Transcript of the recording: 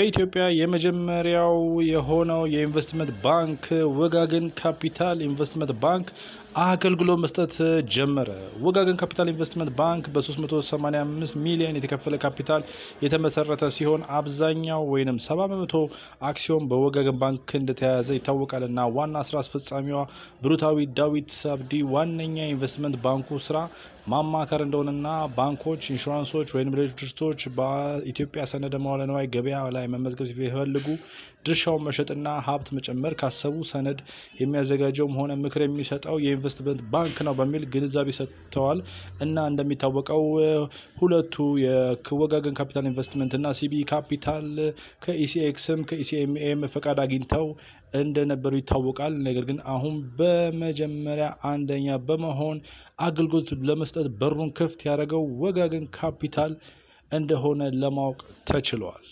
በኢትዮጵያ የመጀመሪያው የሆነው የኢንቨስትመንት ባንክ ወጋገን ካፒታል ኢንቨስትመንት ባንክ አገልግሎት መስጠት ጀመረ። ወጋገን ካፒታል ኢንቨስትመንት ባንክ በ385 ሚሊዮን የተከፈለ ካፒታል የተመሰረተ ሲሆን አብዛኛው ወይም 70 በመቶ አክሲዮን በወጋገን ባንክ እንደተያያዘ ይታወቃል እና ዋና ስራ አስፈጻሚዋ ብሩታዊ ዳዊት አብዲ ዋነኛ የኢንቨስትመንት ባንኩ ስራ ማማከር እንደሆነና ባንኮች፣ ኢንሹራንሶች ወይም ሌሎች ድርጅቶች በኢትዮጵያ ሰነደ መዋለ ንዋይ ገበያ ላይ ላይ መመዝገብ ሲፈልጉ ድርሻውን መሸጥና ሀብት መጨመር ካሰቡ ሰነድ የሚያዘጋጀውም ሆነ ምክር የሚሰጠው የኢንቨስትመንት ባንክ ነው በሚል ግንዛቤ ሰጥተዋል እና እንደሚታወቀው ሁለቱ የወጋገን ካፒታል ኢንቨስትመንት እና ሲቢ ካፒታል ከኢሲኤክስም ከኢሲኤምኤም ፈቃድ አግኝተው እንደነበሩ ይታወቃል። ነገር ግን አሁን በመጀመሪያ አንደኛ በመሆን አገልግሎት ለመስጠት በሩን ክፍት ያደረገው ወጋገን ካፒታል እንደሆነ ለማወቅ ተችሏል።